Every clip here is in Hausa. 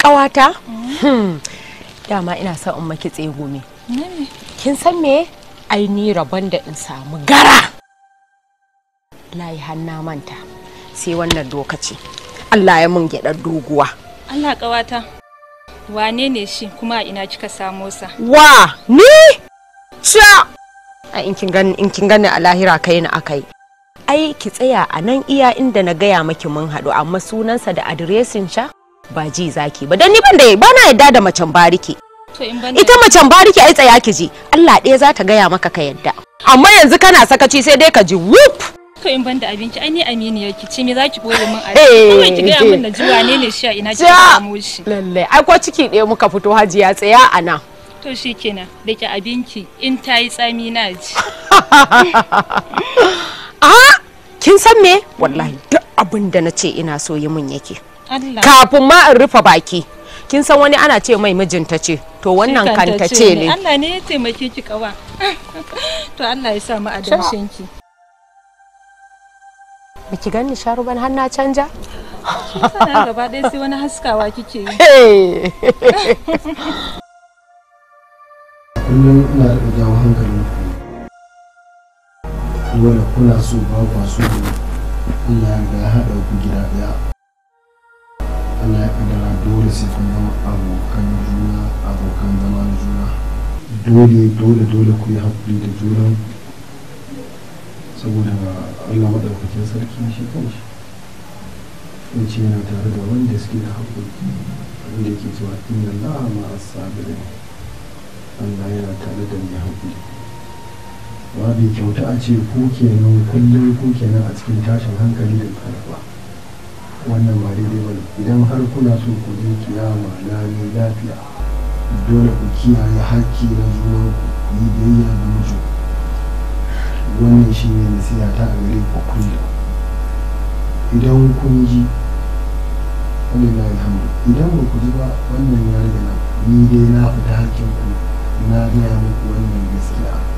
kawata mm. hmm. dama ina son in maki tsegumi kin san me ai ni rabon da in samu gara layi hanna manta sai wannan lokaci Allah ya mun gyaɗar doguwa Allah ƙawata wane ne shi kuma ina kika samo sa wa ni cha a in kin gani in kin gani a lahira kai na akai ai ki tsaya a nan iya inda na gaya maki mun haɗu amma sunansa da adireshin sha ba ji zaki ba don ni ban da ba na yadda da macen bariki ita macen bariki ai tsaya ki ji Allah ɗaya za ta gaya maka ka yadda amma yanzu kana sakaci sai dai ka ji whoop to in ban da abinci ai ni aminiya ki ce me za ki boye min abinci eh, kawai ki gaya min da eh. ji ne ne shi a ina ki samu shi lalle ai ko ciki ɗaya muka fito hajiya tsaya a nan to shi kenan da ki abinki in ta yi tsami na ji a ah, kin san me wallahi duk abin da na ce ina so yi min yake kafin ma in rufe baki kin san wani ana ce mai mijinta ce to wannan kanta ce ne Allah ne ya taimake ki kawa to Allah ya sa mu adamshin ki baki gani sharuban har na canja sana gaba ɗaya sai wani haskawa kike yi kullum ina da jawo hankali ku dole kuna so ba kwa so Allah ya haɗa ku gida ɗaya ce abokan juna abokan zama juna dole dole dole ku yi haƙuri da juna saboda allah maɗaukakin sarki shi kanshi in ce yana tare da wanda suke da haƙuri wanda yake cewa inna allah ma asabirin allah yana tare da mai haƙuri babu kyauta a ce ku kenan kullum ku kenan a cikin tashin hankali da karfa wannan ba daidai ba idan har kuna so ku je kiyama na ne lafiya dole ku kiyaye haƙƙi na junan ku yi biyayya da musu wannan shi ne nasiya ta a gare ku kullum idan kun ji wani yi alhamdu idan ba ku ji ba wannan ya riga na ni dai na fita haƙƙin ku na gaya muku wannan gaskiya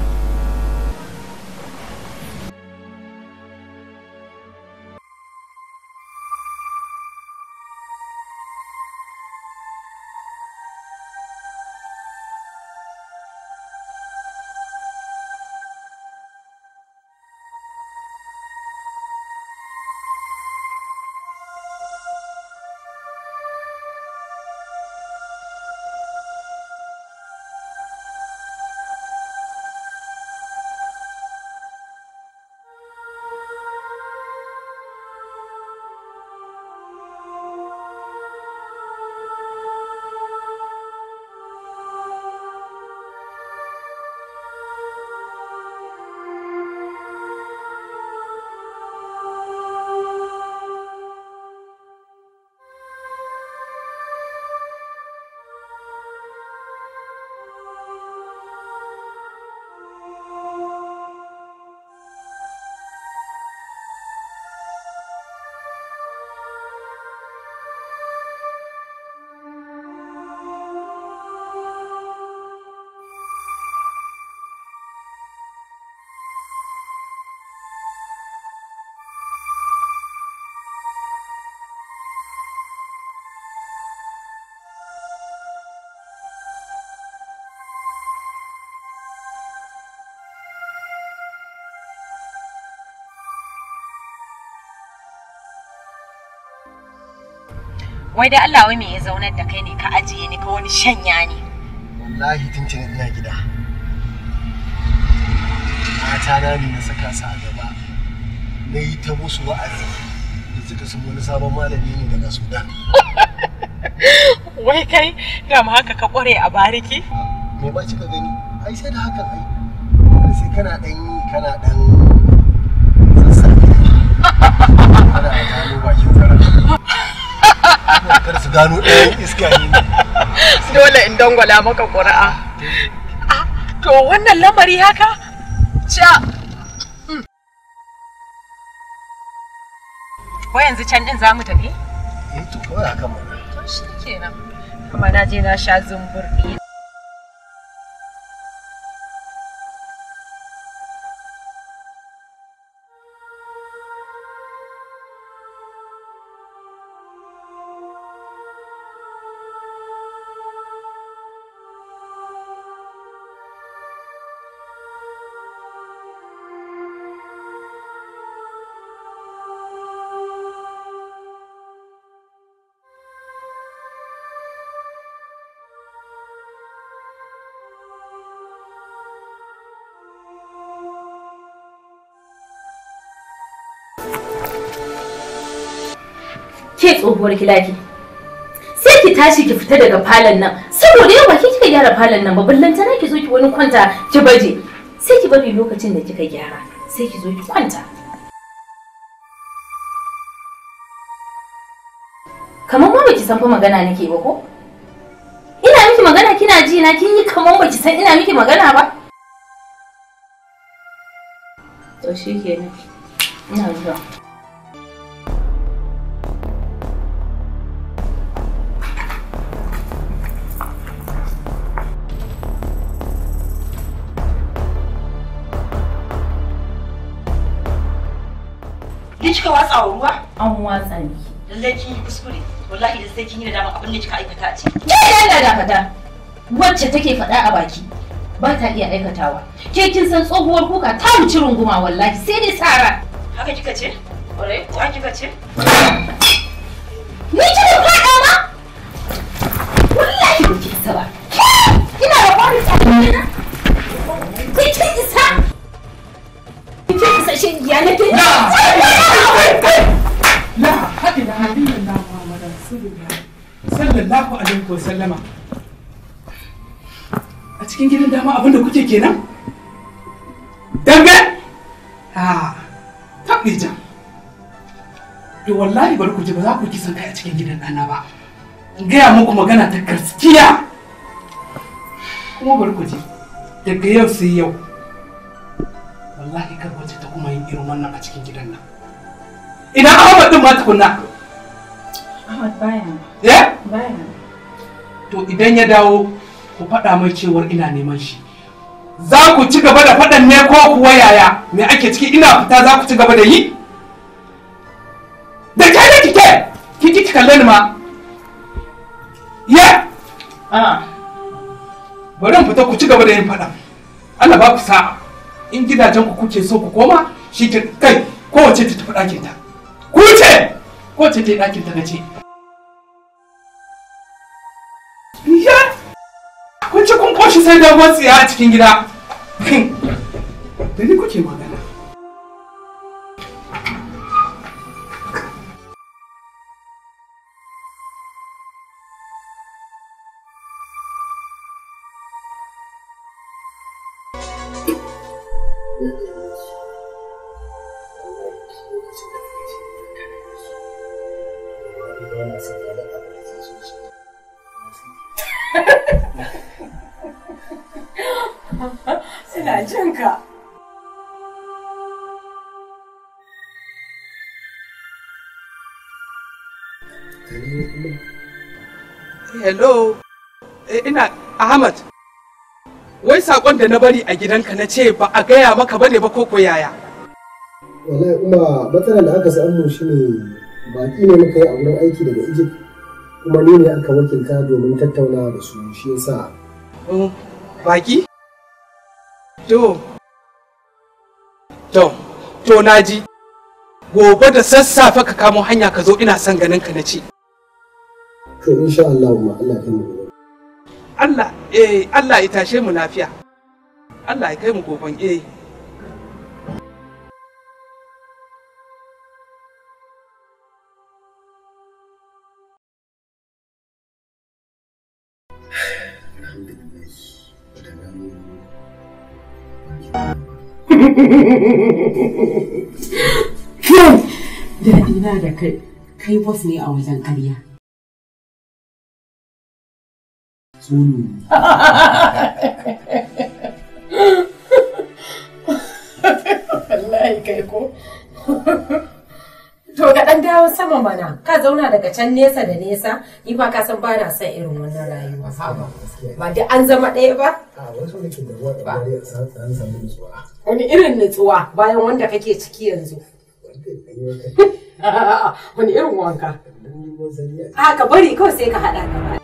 wai da Allah wai me ya zaunar da kai ne ka ajiye ni ka wani shanya ne wallahi tuntuni ina gida mata na ne na saka su a gaba na yi ta musu wa'azi da suka sun wani sabon malami ne daga sudan wai kai ga ma haka ka kware a bariki me ba kika gani ai sai da hakan ai sai kana dan kana dan sassaki kana a bakin zarar kar su gano ɗayan iska ne dole in dangwala maka ƙuri'a ah, to wannan lamari haka ca hmm. ko yanzu can din zamu tafi eh to kawai haka mana to shikenan kuma na je na sha zumbur ke tsohuwar kilaki sai ki tashi ki fita daga falon nan saboda yau ba ki kika gyara falon nan ba ballanta na ki zo ki wani kwanta ki baje sai ki bari lokacin da kika gyara sai ki zo ki kwanta kamar ma baki san fa magana nake ba ko ina miki magana kina ji na kin yi kamar baki san ina miki magana ba to shikenan ina zuwa kika watsa wa ruwa? An watsa ni. Lallai kin yi kuskure. Wallahi da zai kin yi nadama abin da kika aikata a ciki. Ke da yana dakata. Wacce take faɗa a baki ba ta iya aikatawa. Ke kin san tsohuwar kuka ta wuce runguma wallahi sai dai tsara. Haka kika ce? ko kuwa kika ce? Ni kika faɗa ma? Wallahi ba ki isa ba. Ina da ƙwarin tsarin yana. Kin isa? Kin isa shin ya nake? nabiyina Muhammad sallallahu alaihi wa a cikin gidan dama abinda kuke kenan dambe ha tabbija to wallahi bar ku ji ba za ku kisan kai a cikin gidan dana ba gaya muku magana ta gaskiya kuma bar ku ji daga yau sai yau wallahi kar wace ta kuma yin irin wannan a cikin gidan nan idan Ahmad din ma tukunna Eh? To idan ya dawo ku faɗa mai cewar ina neman shi. Za ku ci gaba da faɗan ne ko kuwa yaya me ake ciki ina fita za ku ci gaba da yi? Da kai da kike kiki ki kalle ni ma. Ya? A. Bari mu fita ku ci gaba da yin faɗa. Allah ba ku sa'a. In gidajen ku kuke so ku koma shi kai kowace ta tafi ɗakin ta. Ku ce! Kowace ta yi ɗakin ta na ce. sai da tsiya a cikin gida da ni kuke magana hello eh, ina ahmad wai sakon da na bari a gidanka na ce ba a gaya maka bane ba ko yaya wallahi kuma matsalar da aka samu shine baki ne muka yi a wurin aiki daga egypt kuma ni ne aka wakilta domin tattaunawa da su shi yasa mm, baki to to to naji gobe da sassafe ka kamo hanya ka zo ina son ganin ka na ce to insha Allah ma Allah kai mu Allah eh Allah ya tashe mu lafiya Allah ya kai mu goban eh Daɗina da kai, kai bos ne a wajen karya. Solo. Wallahi kai ko. To ka ɗan dawo sama mana, ka zauna daga can nesa da nesa, ni ba ka san ba na son irin wannan rayuwa. Ba duk an zama ɗaya ba? Wani irin nutsuwa bayan wanda kake ciki yanzu. Wani irin wanka? A ka bari kawai sai ka haɗa gaba.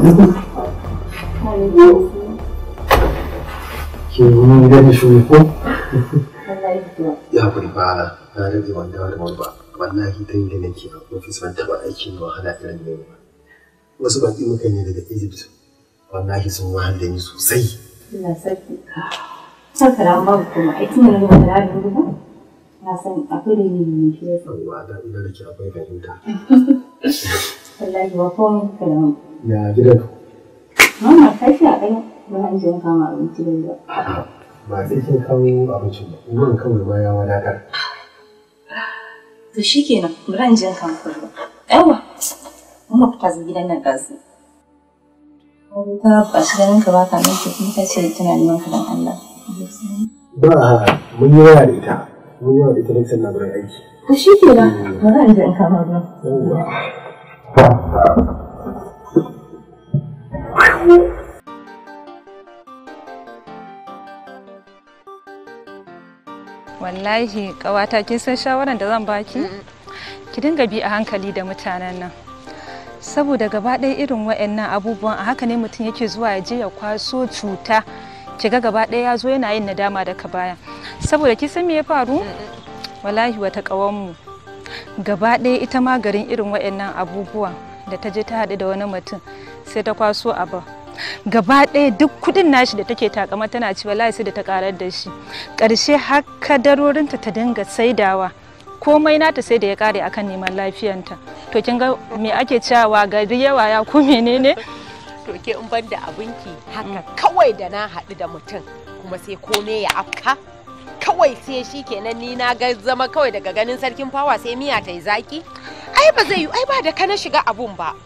ke yi da da shuri ko ya kuri ba na rage wanda da ba wallahi ta yi da nake a ofis ban taba aikin wahala irin da ba wasu baki muka ne daga egypt wallahi sun wahal da ni sosai ina sarki san karan ba kuma aikin ne ba da dubu na san akwai da yin ne shi yasa wa da ina da ke akwai fahimta wallahi ba komai karan ya gidan ku mama ta shi a ɗaya ba a jin kama abinci da ba ba sai kin kawo abincin ba ruwan kawai ma ya wadatar to shikenan za in jin kama kurba yawa mun fita tazi gidan nan ɗazu ta ba shi ganin ka ba ka nan ta ce tana neman ka dan Allah ba mun yi waya da ita mun yi waya da ita ne sannan gurin aiki to shikenan eh. bari in jin kama ruwan wallahi kawata kin san shawaran da zan baki ki dinga bi a hankali da mutanen nan saboda gaba ɗaya irin wa'annan abubuwan a haka ne mutum yake zuwa ya je ya kwaso cuta kiga gaba ɗaya ya zo yana yin nadama daga baya saboda ki san me ya faru wallahi wata ƙawanmu gaba ɗaya ita ma garin irin wa'annan abubuwan da ta je ta haɗu da wani mutum sai ta kwaso abu gaba ɗaya duk kuɗin nashi da take takama tana ci wallahi sai da ta karar da shi ƙarshe har darorinta ta dinga saidawa komai nata sai da ya kare akan neman lafiyanta to kin ga me ake cewa gari yawa ya ku menene to ke in ban abinki mm. haka kawai da na haɗu da mutum kuma sai komai ya afka kawai sai shi kenan ni na ga zama kawai daga ganin sarkin fawa sai miya ta yi zaki ai ba zai yi ai ba da ka na shiga abun ba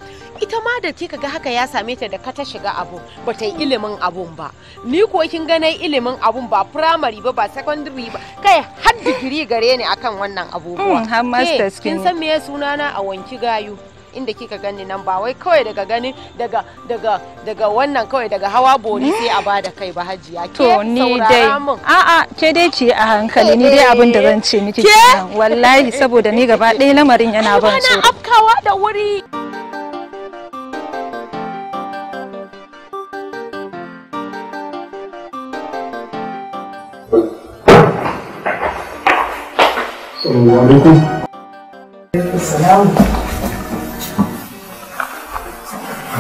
ita ma da kika ga haka ya same ta da ka shiga abu ba ta yi ilimin abun ba ni ko kin gane ilimin abun ba primary ba ba secondary ba kai har digiri gare ni akan wannan abubuwa hmm, kin san me sunana a wanki gayu inda kika gani nan ba wai kawai daga gani daga daga daga wannan kawai daga hawa bori sai a bada kai ba hajiya to ni dai a'a ke dai ci a hankali ni dai abin da zan ce miki wallahi saboda ni gaba ɗaya lamarin yana ban tsoro afkawa da wuri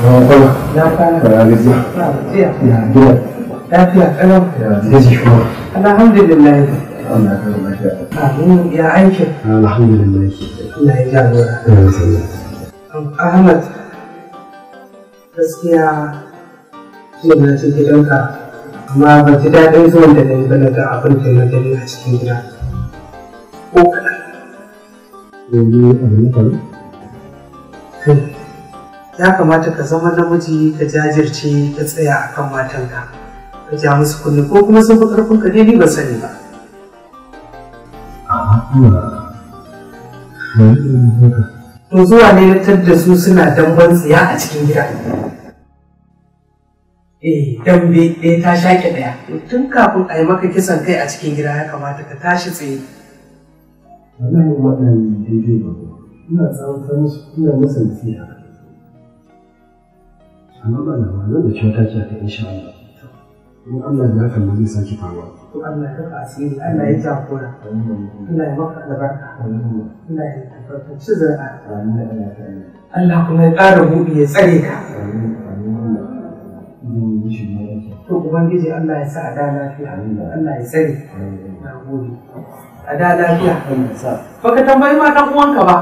الحمد لله يا عائشة الحمد لله الله يجعل أحمد gaskiya jiya na ci gidanka amma ba ji daɗin zuwan da na yi ba na ga abin da na gani a cikin gida ko kaɗan. Yanzu abu na faru? ya kamata ka zama namiji ka jajirce ka tsaya a kan matanka ka ja musu kunne ko kuma sun fi ƙarfin ka ni ba sani ba. To zuwa ne na da su suna damban tsiya a cikin gida. Eh, dambe ɗaya eh, ta shaƙe ɗaya. Tun kafin a yi maka kisan kai a cikin gida ya kamata ka tashi tsaye. Wannan yi waɗannan daidai ba. Ina tsawon musu, ina musu haka. amma ba na zan da cewa ta ce ta insha Allah in Allah ya haka zai sake faruwa to Allah ya ka asiri Allah ya jagora Allah ya maka albarka Allah ya tabbatar zara Allah kuma ya ƙara buɗe ya tsare ka to ubangiji Allah ya sa a da lafiya Allah ya tsare na gode a da lafiya ba ka tambayi ma ɗan uwanka ba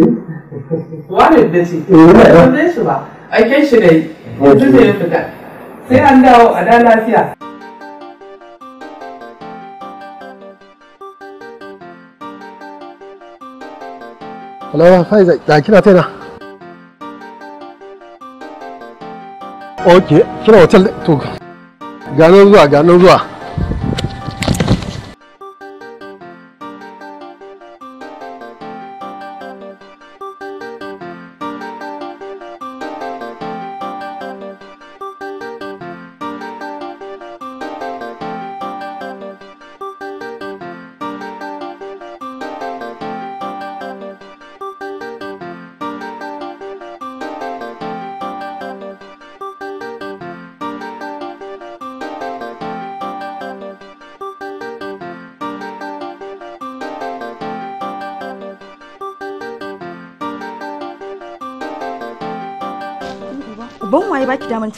eh? wane da ce eh, ba aiken shi ne mutum ne ya fita sai an dawo a da lafiya Hello, hi, da kina ta na? Ok, kina hotel to. Ganin zuwa, ganin zuwa.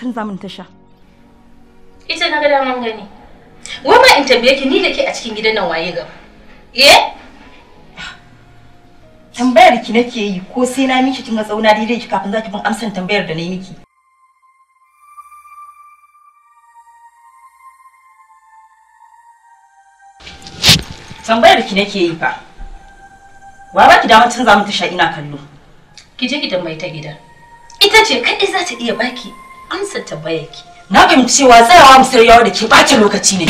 tun zamun ta sha ita na ga daman gani wai ma in tambaye ki ni da ke a cikin gidan nan waye gaba eh tambayar ki nake yi ko sai na miki kin ga tsauna daidai ki kafin zaki bin amsan tambayar da na yi miki tambayar ki nake yi fa wa ba ki damar za mu tasha ina kallo ki je ki tambayi ta gida ita ce kadai za ta iya baki amsa tambaya ki na fahimci cewa tsayawa musayar yawa da ke ɓata lokaci ne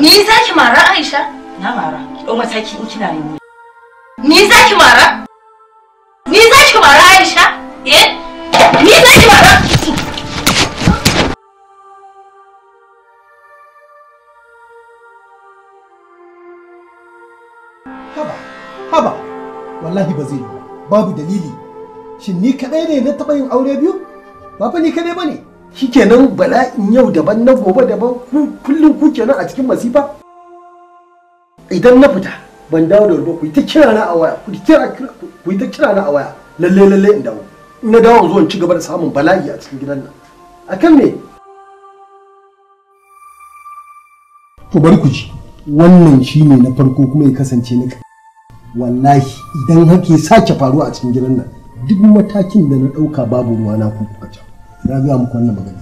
Ni za ki mara Aisha? Na mara, ki ɗau mataki in kina nemo. Ni za ki mara? Ni za ki mara Aisha? Eh? Ni za ki mara? Haba, haba, wallahi ba zai yi ba. babu dalili shin ni kadai ne na taba yin aure biyu ba fa ni kadai ba ne shikenan bala'in yau daban na gobe daban kullum ku kenan a cikin masifa idan na fita ban dawo da ba ku ta kira na a waya ku ku ta kira na a waya lalle lalle in dawo in na dawo zuwa ci gaba da samun bala'i a cikin gidan nan akan me to bari ku ji wannan shine na farko kuma ya kasance na wallahi idan hake sake faru a cikin gidan nan duk matakin da na ɗauka babu ruwa na kuka can na ga muku wannan magana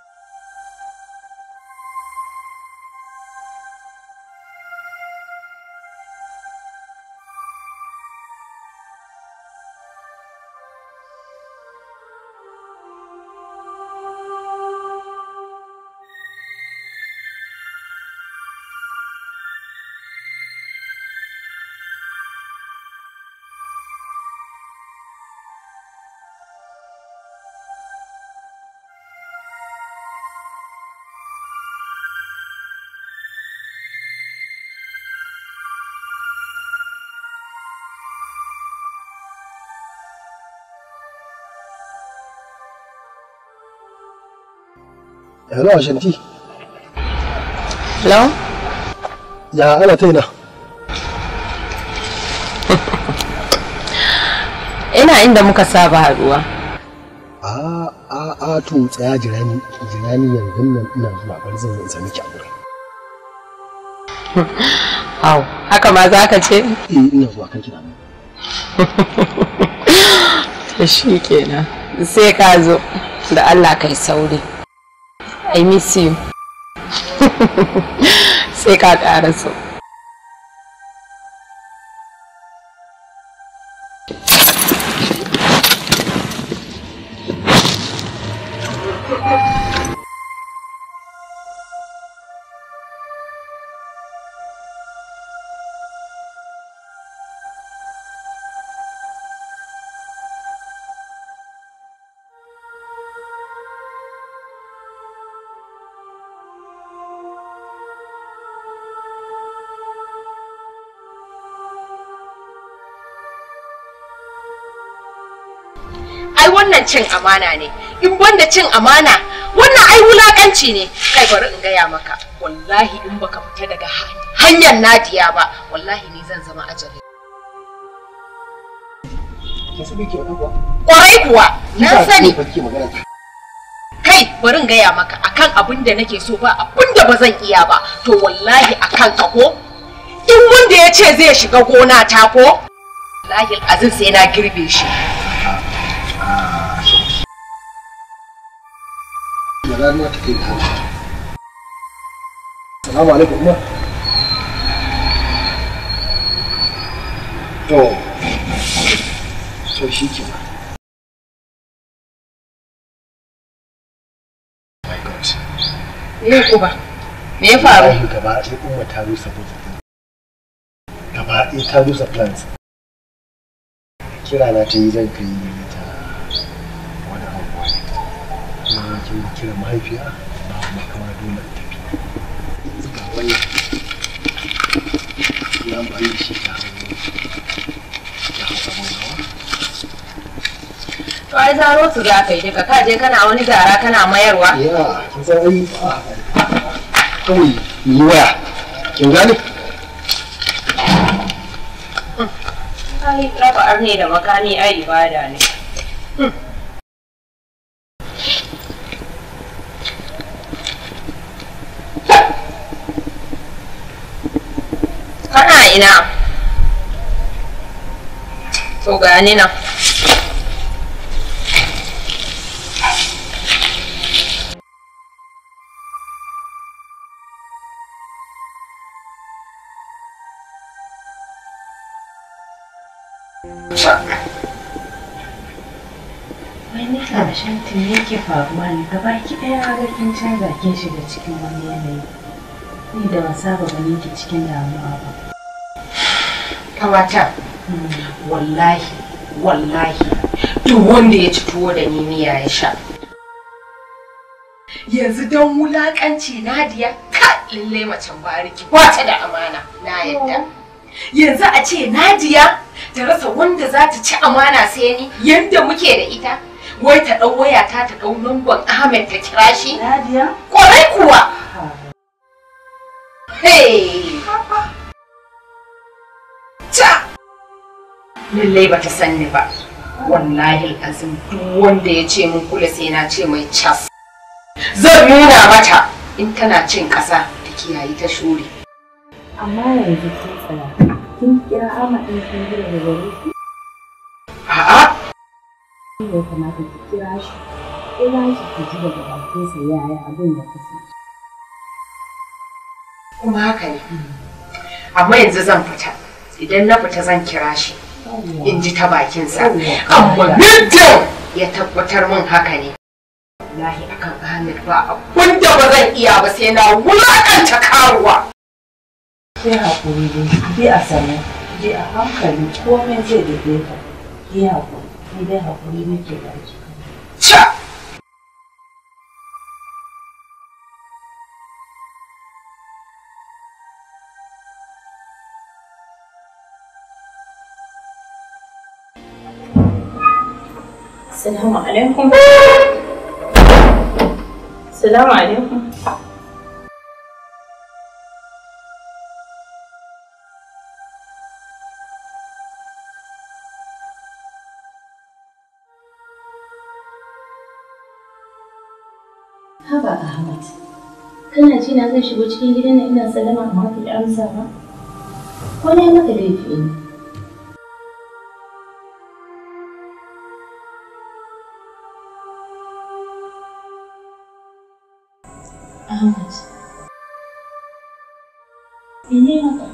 Hello, Ashanti. Hello? Ya ana taina. ina? inda muka saba haruwa. A a a to tsaya jirani, jirani, yanzu nan ina zuwa bar zan yi sami ki aure. Au, haka ma za ka ce? Eh ina zuwa kan kira mu. Shi kenan. Sai ka zo da Allah kai sauri. I miss you. Sai ka ƙara so. ai wannan cin amana ne in banda cin amana wannan ai wulakanci ne kai bari in gaya maka wallahi in baka fita daga hanyar nadiya ba wallahi ni zan zama ajali kwarai kuwa na sani kai bari in gaya maka akan abin da nake so ba abin da ba zan iya ba to wallahi akan ka ko in wanda ya ce zai shiga gona ta ko lahil azin sai na girbe shi zarar salamu alaikum to shi ke ba Me ya faru? Gaba ta rusa ta rusa plans. Kira na ta yi zan kai ke kira mahaifiya ba kuma kama dole da tafi ga wannan ya mu ayi shi ta ya hauka mun gawa to ai zaro su za ka yi daga ka je kana wani gara kana mayarwa ya kin san ai kawai yi waya kin gane ai raba arne da makami ai ibada ne hmm. ina to ni nan wani ƙarshen faruwa ne gaba ki ɗaya garkin canza kin shiga cikin wani yanayi ni da ban saba ganin ki cikin damuwa ba kawata wallahi wallahi duk wanda ya ci tuwo da ni miya ya sha yanzu don wulakanci nadiya ka lalle macen bariki ba ta da amana na yadda yanzu a ce nadiya ta rasa wanda za ta ci amana sai ni yadda muke da ita wai ta ɗau waya ta ta ɗau lambar ahmed ta kira shi kuwa hey lallai ba ta sani ba wallahi azim duk wanda ya ce min kula sai na ce mai cas zan nuna mata in tana cin ƙasa ta kiyaye ta shuri amma yanzu kin tsaya kin kira ama din kin gina da gari a'a ya kamata ki kira shi kira shi ki ji daga bakinsa yaya abin da kasance kuma haka ne amma yanzu zan fita idan na fita zan kira shi in ji ta bakinsa amma yadda ya tabbatar min haka ne lahi akan Ahmed ba a da ba zan iya ba sai na wulakanta karuwa sai hakuri dai a sani dai a hankali komai zai daidaita ki hakuri ni hakuri nake da ki السلام عليكم السلام عليكم هبا أهمت كان جينا زي شبوش كي جينا إنا سلامة ما في الأمس ولا ما تلي فيني 話。ビニールと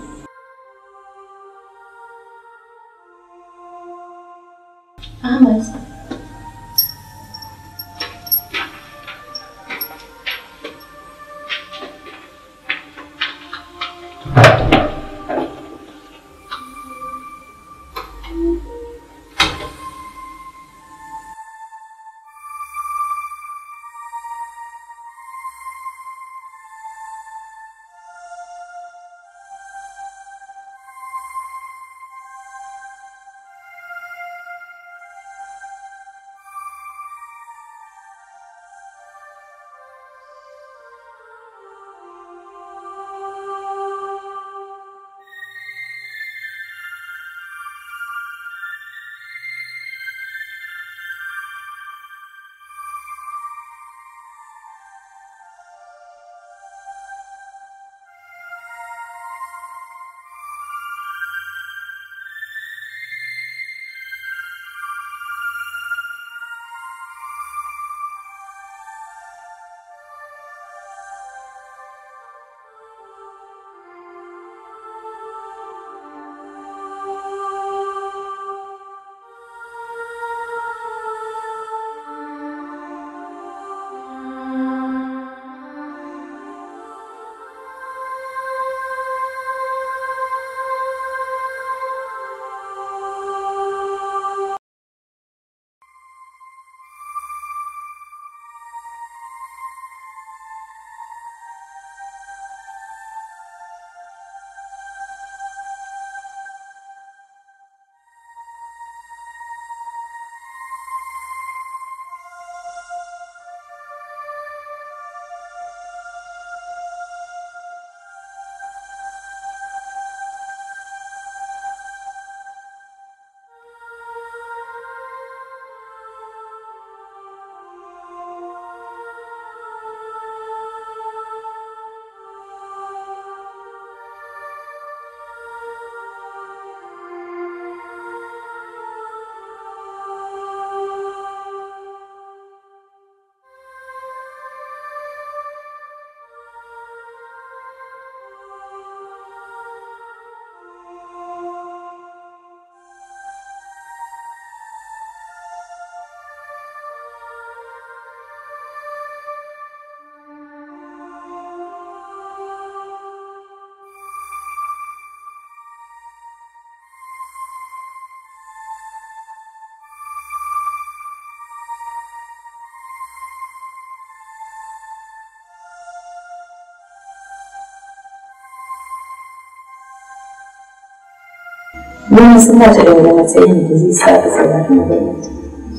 Mun sun ba da wani matsayin da zai sa ka saurari magana.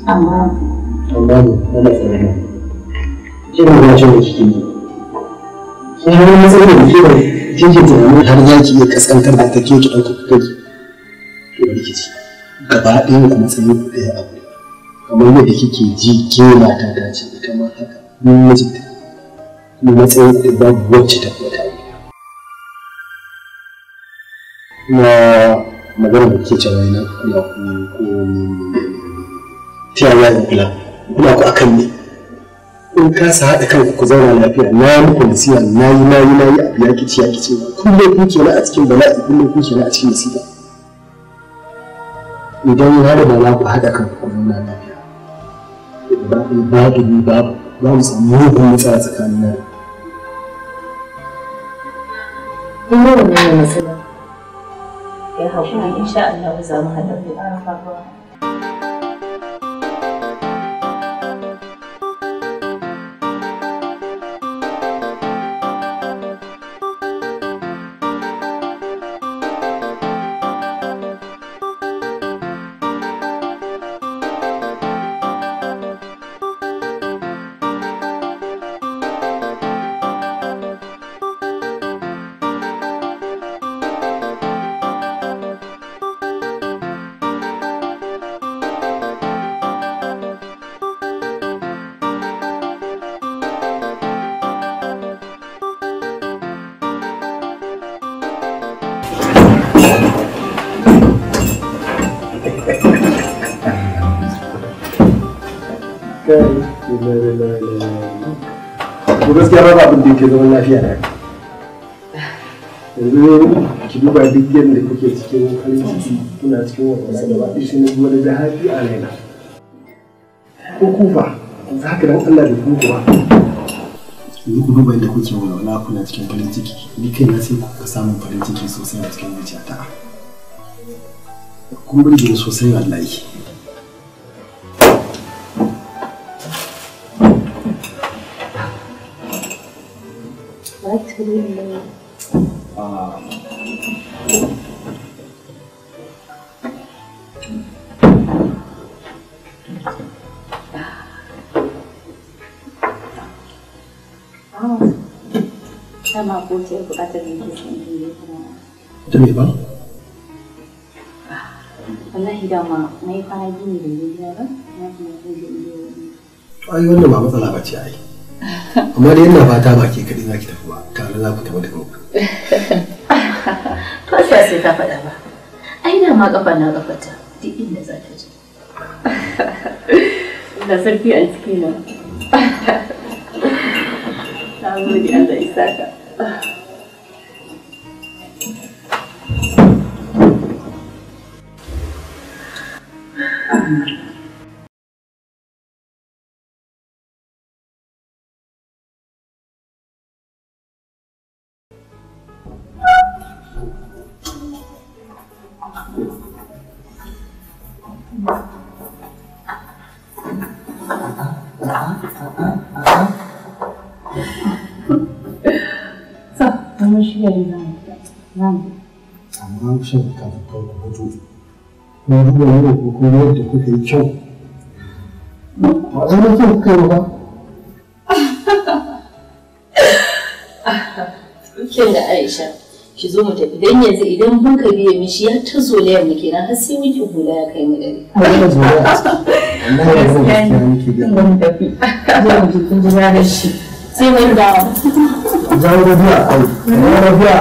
Amma. Amma ne, wani tsanani. Kina ba ce da kike yi. Kin yi wani matsayin da ke kike bai kike tunanin har za ki iya kaskantar da ta ke ki ɗauka kuɗi. To rikici. Gaba ɗayan ku matsayin da ya abu. Kamar yadda kike ji ke mata ta ce ita ma haka. Mun mijinta. Kuma matsayin da babu wacce ta kwata. Na maganar da ke cewa ina kula ku ko ta yaya kula kula ku akan ne in ka sa haɗa kanku ku zauna lafiya na muku nasiha na yi na yi na yi abu ya kici ya kici kullum ku na a cikin bala'i kullum ku na a cikin nasiha idan ya da bala ku haɗa kanku ku zauna lafiya babu ni babu za mu samu mugun matsala tsakanin nan. Ina wannan matsala. ya haƙuri insha Allah za mu haɗa gaskiya ba abin da yake zaman lafiya da haka yanzu ki duba duk yadda kuke cikin farin ciki kuna cikin wata wasa da baɗi shi ne kuma da zahabi a raina ko kufa za ka dan Allah da kuma ba yanzu ku duba yadda kuke walwala kuna cikin farin ciki ni kai na sai kuka samu farin ciki sosai a cikin zuciyata kun burge sosai wallahi dalilin nan ma ko ce bukatar da yake son yi ta ba wallahi dama na yi da yi yi yi ai wannan ba matsala ba ce ai amma fata ba ke kaɗai za ki tafi ba fatan za ku tafi da kanku. To ba sai ka faɗa ba. Ai na ma kafa na ta duk inda za ta je. Da sarki a ciki na. Na gode Allah ya saka. kusan kafin kawo kuka yi kyau ba a kuka yi ba kin da aisha ki zo mu tafi dan yanzu idan mun ka biye mishi ya ta zolayar mu kenan har sai ki hula ya kai mu dare mun tafi zai mu shi sai mun dawo zawo da biya ai zawo da biya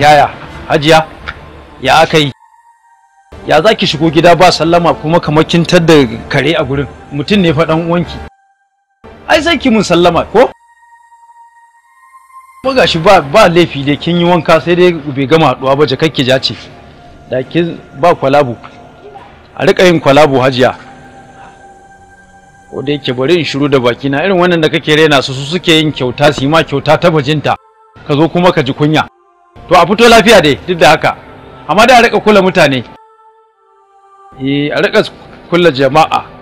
yaya hajiya ya aka yi ya za ki shigo gida ba sallama kuma kamar kin da kare a gurin mutum ne faɗan wanki ai sai ki mun sallama ko kuma gashi ba ba laifi dai kin yi wanka sai dai bai gama haɗuwa ba jakakke ja jace, da ki ba kwalabu a riƙa yin kwalabu hajiya ko da yake bari in shiru da baki na irin wannan da kake rena su su suke yin kyauta su ma kyauta ta bajinta ka zo kuma ka ji kunya to a fito lafiya dai duk da haka amma da a rika kula mutane eh a rika kula jama'a